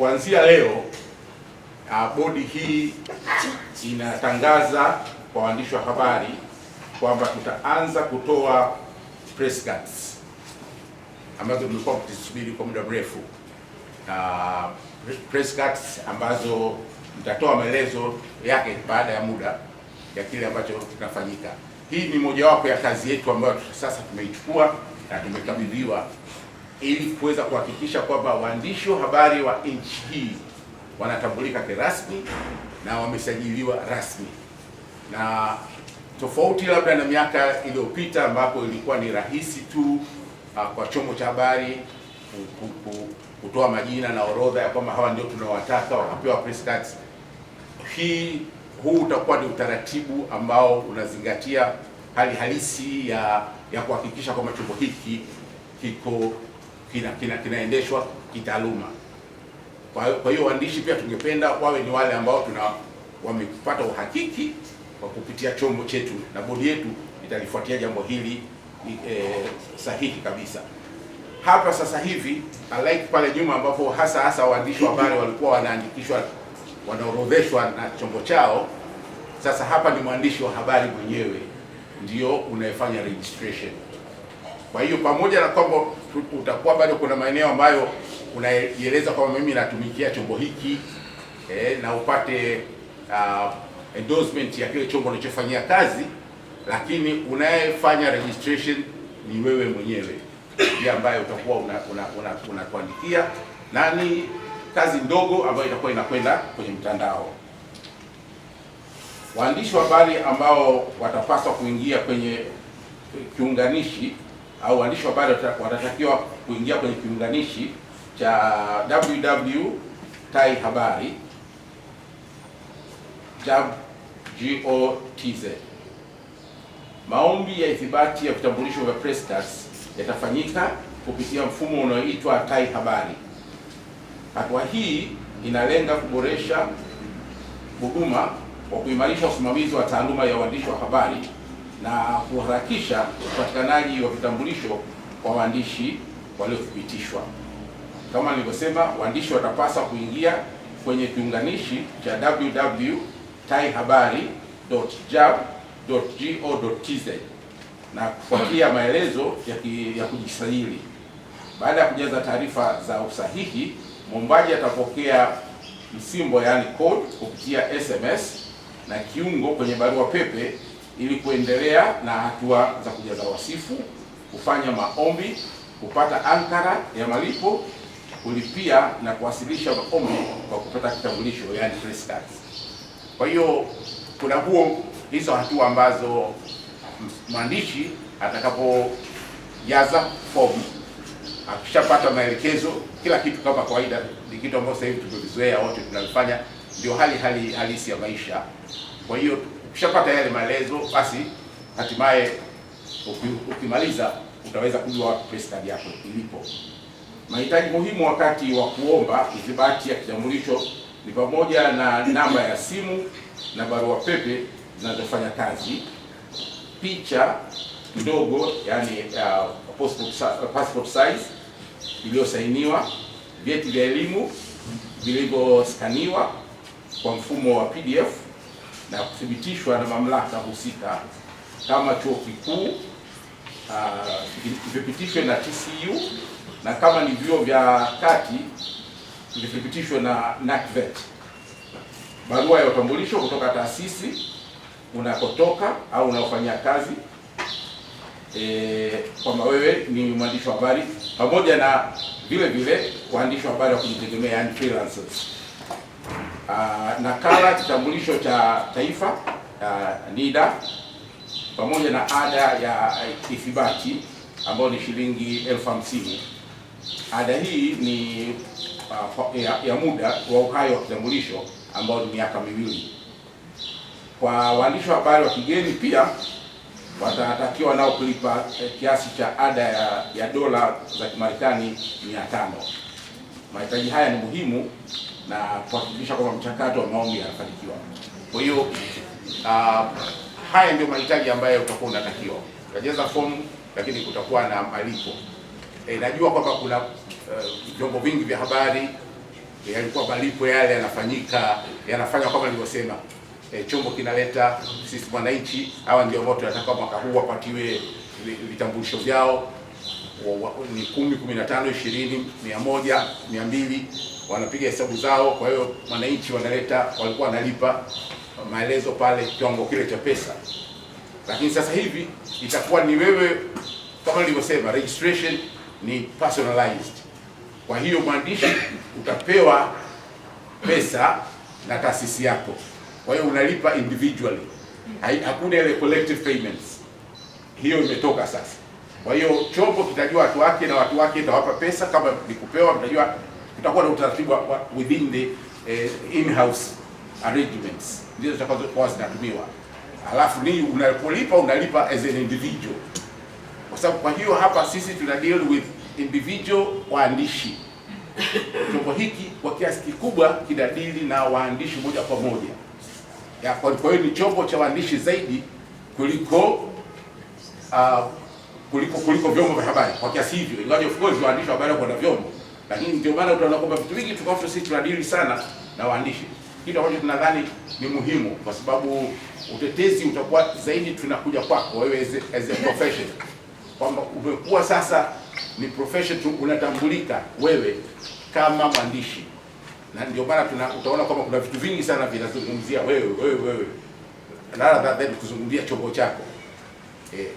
kuanzia leo uh, bodi hii inatangaza kwa waandishi wa habari kwamba tutaanza kutoa press cards ambazo tumekuwa tukisubiri kwa muda mrefu, na press cards ambazo mtatoa maelezo yake baada ya muda ya kile ambacho kinafanyika. Hii ni mojawapo ya kazi yetu ambayo sasa tumeichukua na tumekabidhiwa ili kuweza kuhakikisha kwamba waandishi wa habari wa nchi hii wanatambulika kirasmi na wamesajiliwa rasmi, na tofauti labda na miaka iliyopita ambapo ilikuwa ni rahisi tu uh, kwa chombo cha habari kutoa majina na orodha ya kwamba hawa ndio tunawataka, wakapewa press cards. Hii huu utakuwa ni utaratibu ambao unazingatia hali halisi ya ya kuhakikisha kwamba chombo hiki kiko kina kinaendeshwa kina kitaaluma. Kwa hiyo waandishi pia tungependa wawe ni wale ambao tuna wamepata uhakiki kwa kupitia chombo chetu na bodi yetu italifuatia jambo hili e, sahihi kabisa. Hapa sasa hivi unlike pale nyuma ambapo hasa hasa waandishi wa habari walikuwa wanaandikishwa wanaorodheshwa na chombo chao. Sasa hapa ni mwandishi wa habari mwenyewe ndio unayefanya registration. Kwa hiyo pamoja na kwamba utakuwa bado kuna maeneo ambayo unaieleza kwamba mimi natumikia chombo hiki eh, na upate uh, endorsement ya kile chombo unachofanyia kazi, lakini unayefanya registration ni wewe mwenyewe ndiye ambaye utakuwa unakuandikia una, una, una na ni kazi ndogo ambayo itakuwa inakwenda kwenye mtandao. Waandishi wa habari ambao watapaswa kuingia kwenye kiunganishi au waandishi wa habari watatakiwa kuingia kwenye kiunganishi cha tai habari gotz. Maombi ya ithibati ya vitambulisho vya Prestas yatafanyika kupitia mfumo unaoitwa Tai Habari. Hatua hii inalenga kuboresha huduma kwa kuimarisha usimamizi wa taaluma ya uandishi wa habari na kuharakisha upatikanaji wa vitambulisho kwa waandishi waliothibitishwa. Kama nilivyosema, waandishi watapaswa kuingia kwenye kiunganishi cha www.taihabari.jab.go.tz na kufuatia maelezo ya, ki, ya kujisajili. Baada ya kujaza taarifa za usahihi, mwombaji atapokea msimbo yaani code kupitia SMS na kiungo kwenye barua pepe ili kuendelea na hatua za kujaza wasifu, kufanya maombi, kupata ankara ya malipo, kulipia na kuwasilisha maombi kwa kupata kitambulisho, yani press card. Kwa hiyo kuna huo hizo hatua ambazo mwandishi atakapojaza fomu akishapata maelekezo, kila kitu kama kawaida, ni kitu ambacho sasa hivi tumevizoea wote tunalifanya, ndio hali hali halisi ya maisha. Kwa hiyo Ukishapata yale maelezo, basi hatimaye ukimaliza utaweza kujua wapi press yako ilipo. Mahitaji muhimu wakati wa kuomba ithibati ya kitambulisho ni pamoja na namba ya simu na barua pepe zinazofanya kazi, picha kidogo, yani uh, passport, passport size iliyosainiwa, vyeti vya elimu vilivyoskaniwa kwa mfumo wa PDF na kuthibitishwa na mamlaka husika kama chuo kikuu uh, vipitishwe na TCU na kama ni vyuo vya kati vithibitishwe na NACVET. Barua ya utambulisho kutoka taasisi unakotoka au unaofanyia kazi e, kwamba wewe ni mwandishi wa habari pamoja na vile vile waandishi wa habari wa kujitegemea, yani freelancers. Ah, na nakala kitambulisho cha taifa uh, NIDA pamoja na ada ya ithibati ambayo ni shilingi elfu hamsini. Ada hii ni uh, ya, ya muda wa uhai wa kitambulisho ambao ni miaka miwili. Kwa waandishi wa habari wa kigeni pia watatakiwa nao kulipa eh, kiasi cha ada ya, ya dola za Kimarekani 500. Mahitaji haya ni muhimu na kuhakikisha kwamba mchakato wa maombi yanafanikiwa. Kwa hiyo uh, haya ndio mahitaji ambayo utakuwa unatakiwa, utajaza fomu, lakini kutakuwa na malipo. E, najua kwamba kuna eh, vyombo uh, vingi vya habari eh, yalikuwa malipo yale yanafanyika yanafanywa kama nilivyosema. E, chombo kinaleta sisi mwananchi, hawa ndio ambao tunataka mwaka huu wapatiwe vitambulisho vyao ni kumi, kumi na tano, ishirini, mia moja, mia mbili, wanapiga hesabu zao. Kwa hiyo wananchi wanaleta, walikuwa wanalipa maelezo pale kiwango kile cha pesa, lakini sasa hivi itakuwa ni wewe kama nilivyosema, registration ni personalized. Kwa hiyo mwandishi utapewa pesa na taasisi yako, kwa hiyo unalipa individually, hakuna ile collective payments. Hiyo imetoka sasa. Kwa hiyo chombo kitajua watu wake na watu wake itawapa pesa, kama ni kupewa, mtajua kitakuwa na utaratibu within the eh, in-house arrangements ndizo zitakazokuwa zinatumiwa, alafu ni unapolipa unalipa as an individual, kwa sababu kwa hiyo hapa sisi tuna deal with individual waandishi. Chombo hiki kwa kiasi kikubwa kinadili na waandishi moja kwa moja ya, kwa hiyo ni chombo cha waandishi zaidi kuliko uh, kuliko kuliko vyombo vya habari kwa kiasi hivyo, ingawa of course waandishi wa habari wana vyombo, lakini ndio maana utaona kwamba vitu vingi tukafuta sisi tunadili sana na waandishi, kitu ambacho tunadhani ni muhimu, kwa sababu utetezi utakuwa zaidi tunakuja kwako wewe as as a profession, kwamba umekuwa sasa ni profession, tu, unatambulika wewe kama mwandishi, na ndio maana tuna utaona kwamba kuna vitu vingi sana vinazungumzia wewe wewe wewe, rather than kuzungumzia chombo chako eh.